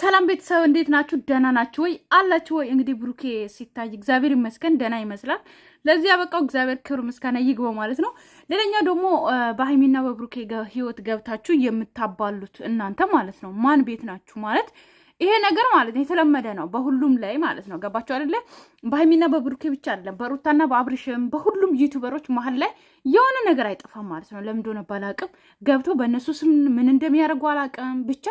ሰላም ቤተሰብ እንዴት ናችሁ? ደህና ናችሁ ወይ? አላችሁ ወይ? እንግዲህ ብሩኬ ሲታይ እግዚአብሔር ይመስገን ደህና ይመስላል። ለዚህ ያበቃው እግዚአብሔር ክብር ምስጋና ይግባው ማለት ነው። ሌላኛ ደግሞ በሀይሚና በብሩኬ ህይወት ገብታችሁ የምታባሉት እናንተ ማለት ነው። ማን ቤት ናችሁ ማለት ይሄ ነገር ማለት ነው የተለመደ ነው በሁሉም ላይ ማለት ነው። ገባቸው አይደለ? በሀይሚና በብሩኬ ብቻ አይደለም፣ በሩታና በአብርሽም በሁሉም ዩቱበሮች መሀል ላይ የሆነ ነገር አይጠፋም ማለት ነው። ለምን እንደሆነ ባላቅም ገብቶ በእነሱ ስም ምን እንደሚያደርጉ አላቅም። ብቻ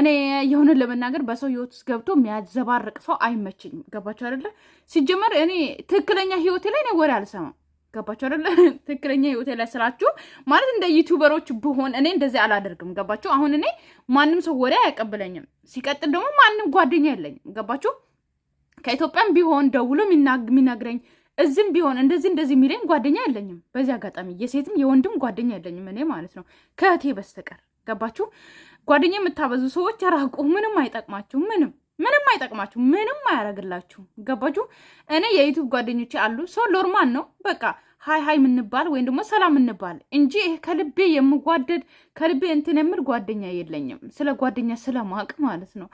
እኔ የሆነ ለመናገር በሰው ህይወት ውስጥ ገብቶ የሚያዘባርቅ ሰው አይመችኝም። ገባቸው አይደለ? ሲጀመር እኔ ትክክለኛ ህይወቴ ላይ እኔ ወሬ አልሰማም። ገባችሁ አይደለ? ትክክለኛ ህይወቴ ላይ ስላችሁ ማለት እንደ ዩቱበሮች ብሆን እኔ እንደዚህ አላደርግም። ገባችሁ? አሁን እኔ ማንም ሰው ወሬ አይቀብለኝም። ሲቀጥል ደግሞ ማንም ጓደኛ የለኝም። ገባችሁ? ከኢትዮጵያም ቢሆን ደውሎ የሚናግረኝ እዚህም ቢሆን እንደዚህ እንደዚህ የሚለኝ ጓደኛ የለኝም። በዚህ አጋጣሚ የሴትም የወንድም ጓደኛ የለኝም እኔ ማለት ነው ከእህቴ በስተቀር ገባችሁ? ጓደኛ የምታበዙ ሰዎች ራቁ። ምንም አይጠቅማችሁ ምንም ምንም አይጠቅማችሁ፣ ምንም አያደርግላችሁ። ገባችሁ? እኔ የዩቱብ ጓደኞቼ አሉ። ሰው ኖርማል ነው በቃ ሀይ ሀይ ምንባል ወይም ደግሞ ሰላም እንባል እንጂ ይሄ ከልቤ የምጓደድ ከልቤ እንትን የምል ጓደኛ የለኝም። ስለ ጓደኛ ስለማቅ ማለት ነው።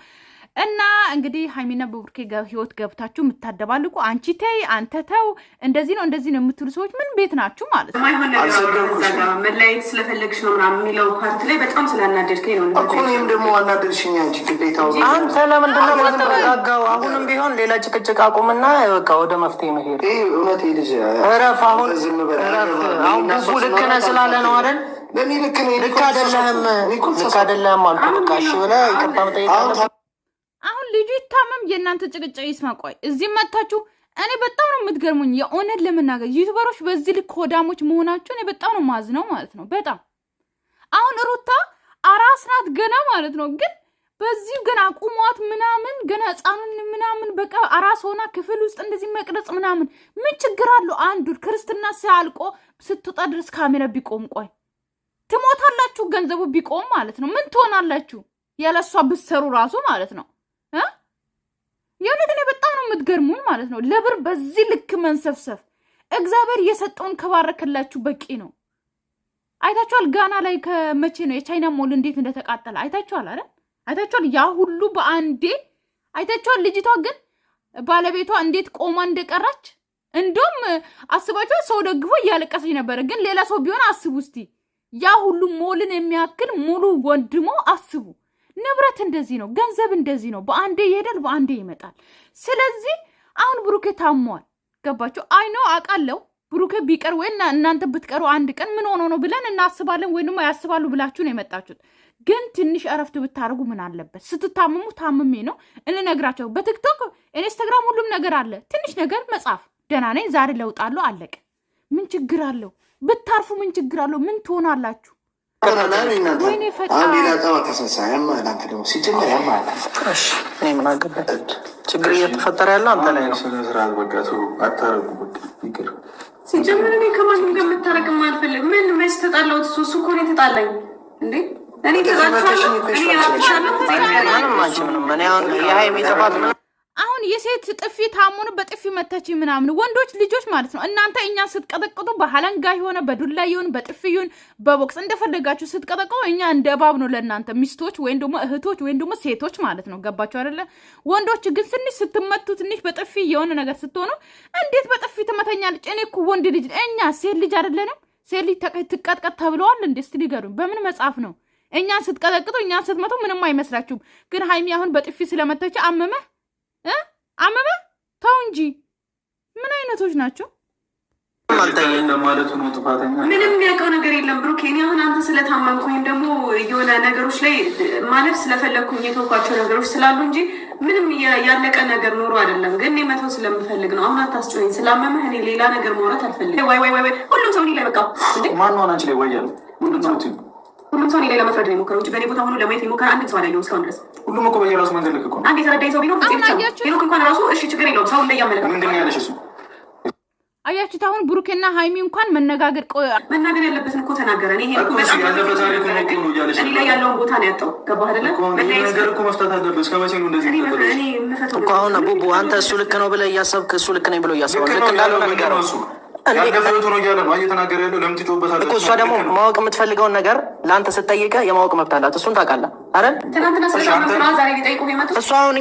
እና እንግዲህ ሀይሚና በቡርኬ ህይወት ገብታችሁ የምታደባልቁ አንቺ ተይ አንተ ተው እንደዚህ ነው እንደዚህ ነው የምትሉ ሰዎች ምን ቤት ናችሁ ማለት ነው? መለያየት ስለፈለግሽ ነው ምናምን የሚለው ፓርት ላይ በጣም ስላናደድከኝ ነው እኮ። እኔም ደግሞ አናደድሽኝ አንቺ። ግዴታ አንተ ለምንድን ነው የማትረጋጋው? አሁንም ቢሆን ሌላ ጭቅጭቅ አቁምና በቃ ወደ መፍትሄ መሄድ። እውነት ልጅ እረፍ፣ አሁን አሁን ብዙ ልክ ነህ ስላለ ነው አይደል? ልክ አይደለህም፣ ልክ አይደለህም አልኩህ። በቃ እሺ ብለህ ይቅርታ መጠየቅ ልጁ ይታመም፣ የእናንተ ጭቅጭቅ ይስማ። ቆይ እዚህ መታችሁ። እኔ በጣም ነው የምትገርሙኝ። የእውነት ለመናገር ዩቱበሮች በዚህ ልክ ሆዳሞች መሆናችሁ እኔ በጣም ነው ማዝነው ማለት ነው። በጣም አሁን ሩታ አራስ ናት ገና ማለት ነው። ግን በዚህ ገና አቁሟት ምናምን ገና ህፃኑን ምናምን በቃ አራስ ሆና ክፍል ውስጥ እንደዚህ መቅረጽ ምናምን ምን ችግር አለው? አንዱ ክርስትና ሲያልቆ ስትወጣ ድረስ ካሜራ ቢቆም ቆይ ትሞታላችሁ። ገንዘቡ ቢቆም ማለት ነው ምን ትሆናላችሁ? ያለሷ ብትሰሩ ራሱ ማለት ነው የእውነት እኔ በጣም ነው የምትገርሙኝ ማለት ነው። ለብር በዚህ ልክ መንሰፍሰፍ እግዚአብሔር የሰጠውን ከባረከላችሁ በቂ ነው። አይታችኋል። ጋና ላይ ከመቼ ነው የቻይና ሞል እንዴት እንደተቃጠለ አይታችኋል። አይደል? አይታችኋል። ያ ሁሉ በአንዴ አይታችኋል። ልጅቷ ግን ባለቤቷ እንዴት ቆማ እንደቀራች እንዲሁም አስባችኋል። ሰው ደግፎ እያለቀሰች ነበረ። ግን ሌላ ሰው ቢሆን አስቡ እስቲ ያ ሁሉ ሞልን የሚያክል ሙሉ ወንድሞ አስቡ። ንብረት እንደዚህ ነው፣ ገንዘብ እንደዚህ ነው። በአንዴ ይሄዳል፣ በአንዴ ይመጣል። ስለዚህ አሁን ብሩኬ ታሟል። ገባቸው አይኖ አውቃለሁ። ብሩኬ ቢቀር ወይ እናንተ ብትቀሩ አንድ ቀን ምን ሆኖ ነው ብለን እናስባለን፣ ወይ ደሞ ያስባሉ ብላችሁ ነው የመጣችሁት። ግን ትንሽ እረፍት ብታደርጉ ምን አለበት? ስትታመሙ ታምሜ ነው እንነግራቸው። በቲክቶክ ኢንስታግራም፣ ሁሉም ነገር አለ። ትንሽ ነገር መጻፍ ደህና ነኝ ዛሬ ለውጣለሁ፣ አለቀ። ምን ችግር አለው? ብታርፉ ምን ችግር አለው? ምን ትሆናላችሁ? ችግር እየተፈጠረ ያለው አንተ ላይ ነው። ሲጀምር እኔ ከማንም ጋር የምታረቅ አልፈልግም። ምን መች ተጣላሁት? እሱ እኮ ነው የተጣላኝ እንዴ እኔ የሴት ጥፊ ታሞኑ በጥፊ መተች ምናምን ወንዶች ልጆች ማለት ነው። እናንተ እኛ ስትቀጠቅጡ በሀለንጋ የሆነ በዱላ ይሁን በጥፊ ይሁን በቦክስ እንደፈለጋችሁ ስትቀጠቅጡ እኛ እንደ እባብ ነው ለእናንተ ሚስቶች ወይም ደግሞ እህቶች ወይም ደግሞ ሴቶች ማለት ነው። ገባችሁ አይደለ? ወንዶች ግን ትንሽ ስትመቱ ትንሽ በጥፊ የሆነ ነገር ስትሆኑ እንዴት በጥፊ ትመተኛለች? እኔ እኮ ወንድ ልጅ እኛ ሴት ልጅ አይደለንም? ሴት ልጅ ትቀጥቀጥ ተብለዋል እንዴ? እስቲ ንገሩኝ። በምን መጽሐፍ ነው? እኛን ስትቀጠቅጡ እኛን ስትመቱ ምንም አይመስላችሁም። ግን ሀይሚ አሁን በጥፊ ስለመተች አመመህ እ አመመ ተው እንጂ ምን አይነቶች ናቸው? ምንም የሚያውቀው ነገር የለም ብሩክ። እኔ አሁን አንተ ወይም ደግሞ የሆነ ነገሮች ላይ ማለፍ ስለፈለግኩ የተውኳቸው ነገሮች ስላሉ እንጂ ምንም ያለቀ ነገር ኖሮ አይደለም። ግን መተው ስለምፈልግ ነው። አሁን አታስጮኝ። ስላመመህ እኔ ሌላ ነገር ማውራት አልፈልግም። ሁሉም ሰው ላይ በቃ ማን ሆናች ላይ ወያሉ ሁሉም ሰው እኔ ላይ ለመፍረድ ነው የሞከረው እንጂ በእኔ ቦታ ሆኖ ለማየት የሞከረ አንድ ሰው አላየሁም እስካሁን ድረስ። ሁሉም እኮ በየራሱ መንገድ ልክ እኮ አንድ የተረዳኝ ሰው ቢኖር ብቻ ነው። ሄኖክ እንኳን ራሱ እሺ ችግር የለውም ሰው እንደያመለከ ምንድን ያለሽ እሱ አያችሁት? አሁን ብሩክና ሀይሚ እንኳን መነጋገር ቆ መናገር ያለበትን እኮ ተናገረ። ይሄ እኔ ላይ ያለውን ቦታ ነው ያጣው። ገባህ አይደለ? ነገር እኮ መፍታት አለበት። እስከ መቼ ነው እንደዚህ እኮ? አሁን ቡቡ አንተ እሱ ልክ ነው ብለህ እያሰብክ እሱ ልክ ነኝ ብሎ እያሰብክ ልክ እንዳልሆነ ንገረው እሷ ደግሞ ማወቅ የምትፈልገውን ነገር ለአንተ ስትጠይቀ የማወቅ መብት አላት። እሱን ታውቃለህ አይደል? እሷ አሁን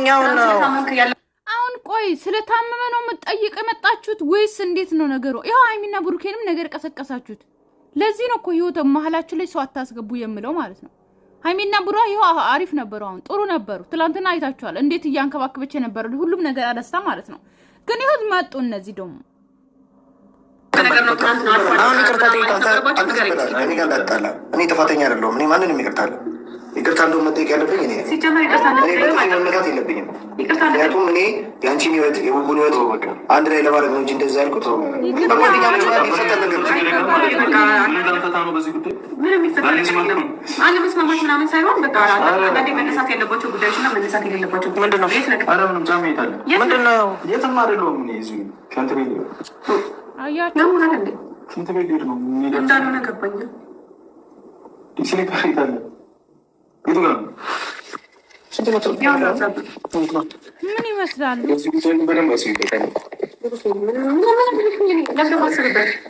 አሁን ቆይ ስለታመመ ነው የምትጠይቅ የመጣችሁት ወይስ እንዴት ነው ነገሩ? ይኸው ሀይሚና ብሩኬንም ነገር ቀሰቀሳችሁት። ለዚህ ነው እኮ ህይወት መሀላችሁ ላይ ሰው አታስገቡ የምለው ማለት ነው። ሀይሚና ብሯ ይኸው አሪፍ ነበሩ። አሁን ጥሩ ነበሩ። ትላንትና አይታችኋል እንዴት እያንከባከበች የነበረ ሁሉም ነገር አደስታ ማለት ነው። ግን ይኸው መጡ እነዚህ ደግሞ አሁን ይቅርታ ጠይቃለሁ። እኔ ጥፋተኛ አይደለሁም። እኔ ማንንም ይቅርታ አለ ይቅርታ እንደውም መጠየቅ ያለብኝ እኔ መመካት የለብኝም። ምክንያቱም እኔ የአንቺን ህይወት የቡቡን ህይወት አንድ ላይ ለማድረግ ነው እንጂ እንደዛ ያልኩት በጓደኛ የሚፈጠር ነገር ምናምን ሳይሆን በቃ መነሳት ያለባቸው አያቸው ሽንት ቤት ምን ይመስላሉ?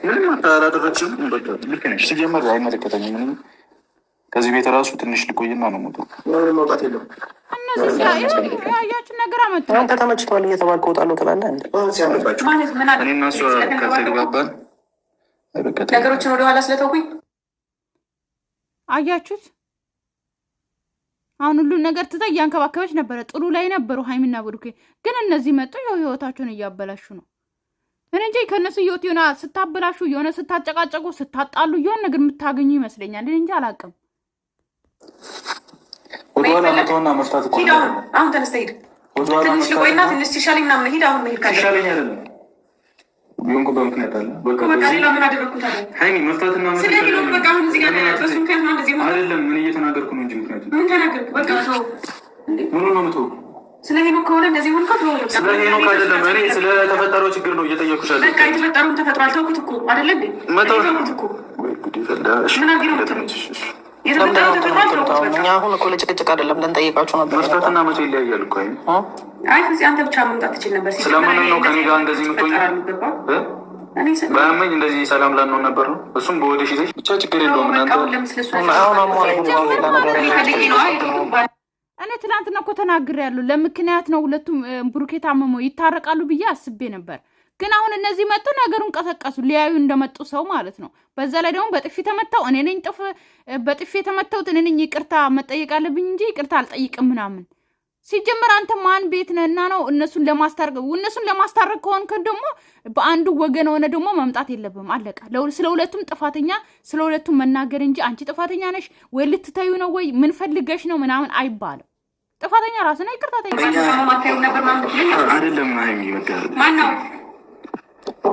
ምንም አላደረችም። ሲጀመር አይመለከተኝም ምንም ከዚህ ቤት ራሱ ትንሽ ልቆይና ነው ሞጡ መውጣት የለም። ያችን ነገር አመጣ አንተ ተመችቷል እየተባልክ እወጣለሁ ትላለህ። እኔና እሷ ከተግባባን ነገሮችን ወደኋላ ስለተውኩኝ አያችሁት። አሁን ሁሉን ነገር ትታ እያንከባከበች ነበረ። ጥሩ ላይ ነበሩ ሀይሚና ብሩኬ። ግን እነዚህ መጡ ያው ህይወታቸውን እያበላሹ ነው። እኔ እንጂ ከእነሱ ህይወት የሆነ ስታበላሹ፣ የሆነ ስታጨቃጨቁ፣ ስታጣሉ የሆነ ነገር የምታገኙ ይመስለኛል። እኔ እንጂ አላውቅም። አሁን ተነስተህ ሂድ። ትንሽ ቆይና ትንሽ ሲሻለኝ ምናምን ሂድ። አሁን መሄድ ካለ ሲሻለኝ አይደለም ቢሆንኩ ምን አደረግኩት? ስለተፈጠረው ችግር ነው እየጠየኩሽ። በቃ የተፈጠረውን ተፈጥሯል። ተውኩት እኮ አይደለ እንዴ እኛ አሁን እኮ ለጭቅጭቅ አይደለም፣ ልንጠይቃችሁ ነበር። መስጠትና መቶ ይለያያል እኮ አይ፣ ከዚህ አንተ ብቻ መምጣት ትችል ነበር። ስለምን ነው ከኔ ጋር እንደዚህ የምትሆኝ? በአመኝ እንደዚህ ሰላም ላንሆን ነበር ነው። እሱም በወደሽ ይዘሽ ብቻ ችግር የለውም እናንተ እኔ ትላንትና እኮ ተናግሬያለሁ። ለምክንያት ነው ሁለቱም ብሩኬ ታመመው ይታረቃሉ ብዬ አስቤ ነበር። ግን አሁን እነዚህ መጡ ነገሩን ቀሰቀሱ፣ ሊያዩ እንደመጡ ሰው ማለት ነው። በዛ ላይ ደግሞ በጥፊ ተመታው እኔ ነኝ ጥፍ በጥፊ የተመታሁት እኔ ነኝ፣ ይቅርታ መጠየቅ አለብኝ እንጂ ይቅርታ አልጠይቅም ምናምን። ሲጀመር አንተ ማን ቤት ነህና ነው እነሱን ለማስታረቅ እነሱን ለማስታረቅ ከሆንክ ደግሞ በአንዱ ወገን ሆነ ደግሞ መምጣት የለብም። አለቀ። ስለ ሁለቱም ጥፋተኛ ስለ ሁለቱም መናገር እንጂ አንቺ ጥፋተኛ ነሽ ወይ ልትተዩ ነው ወይ ምን ፈልገሽ ነው ምናምን አይባልም። ጥፋተኛ ራስና ይቅርታ አይደለም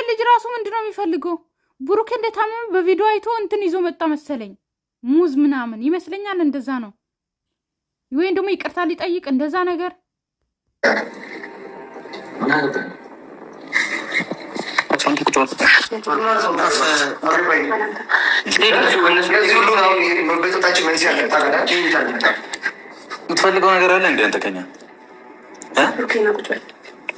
ይሄ ልጅ ራሱ ምንድን ነው የሚፈልገው? ብሩኬ እንደታመመ በቪዲዮ አይቶ እንትን ይዞ መጣ መሰለኝ፣ ሙዝ ምናምን ይመስለኛል። እንደዛ ነው ወይም ደግሞ ይቅርታ ሊጠይቅ እንደዛ ነገር የምትፈልገው ነገር አለ እንደ አንተ ከኛ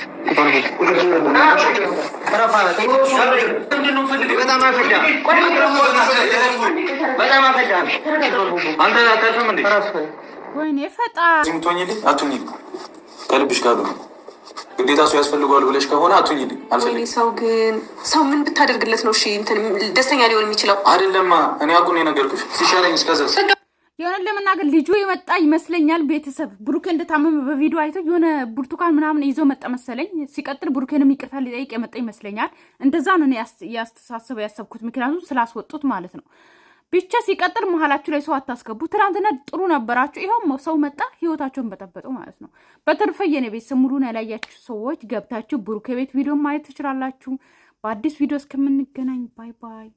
ወይኔ ፈጣሪ ከልብሽ ጋር ግዴታ ሰው ያስፈልገዋል ብለሽ ከሆነ አትሁኝልኝ። አልፈልግም። ሰው ግን ሰው ምን ብታደርግለት ነው እሺ ደስተኛ ሊሆን የሚችለው? አይደለማ እኔ አጉኔ ነገርኩሽ ሲሻለኝ እስከዛ የሆነ ለመናገር ልጁ የመጣ ይመስለኛል። ቤተሰብ ብሩኬ እንደታመመ በቪዲዮ አይቶ የሆነ ብርቱካን ምናምን ይዞ መጣ መሰለኝ። ሲቀጥል ብሩኬንም ይቅርታ ሊጠይቅ የመጣ ይመስለኛል። እንደዛ ነው ያስተሳሰበው ያሰብኩት፣ ምክንያቱም ስላስወጡት ማለት ነው። ብቻ ሲቀጥል መሀላችሁ ላይ ሰው አታስገቡ። ትናንትና ጥሩ ነበራችሁ፣ ይኸው ሰው መጣ ህይወታቸውን በጠበጡ ማለት ነው። በተረፈ የኔ ቤተሰብ ሙሉን ያላያችሁ ሰዎች ገብታችሁ ብሩኬ ቤት ቪዲዮ ማየት ትችላላችሁ። በአዲስ ቪዲዮ እስከምንገናኝ ባይ ባይ።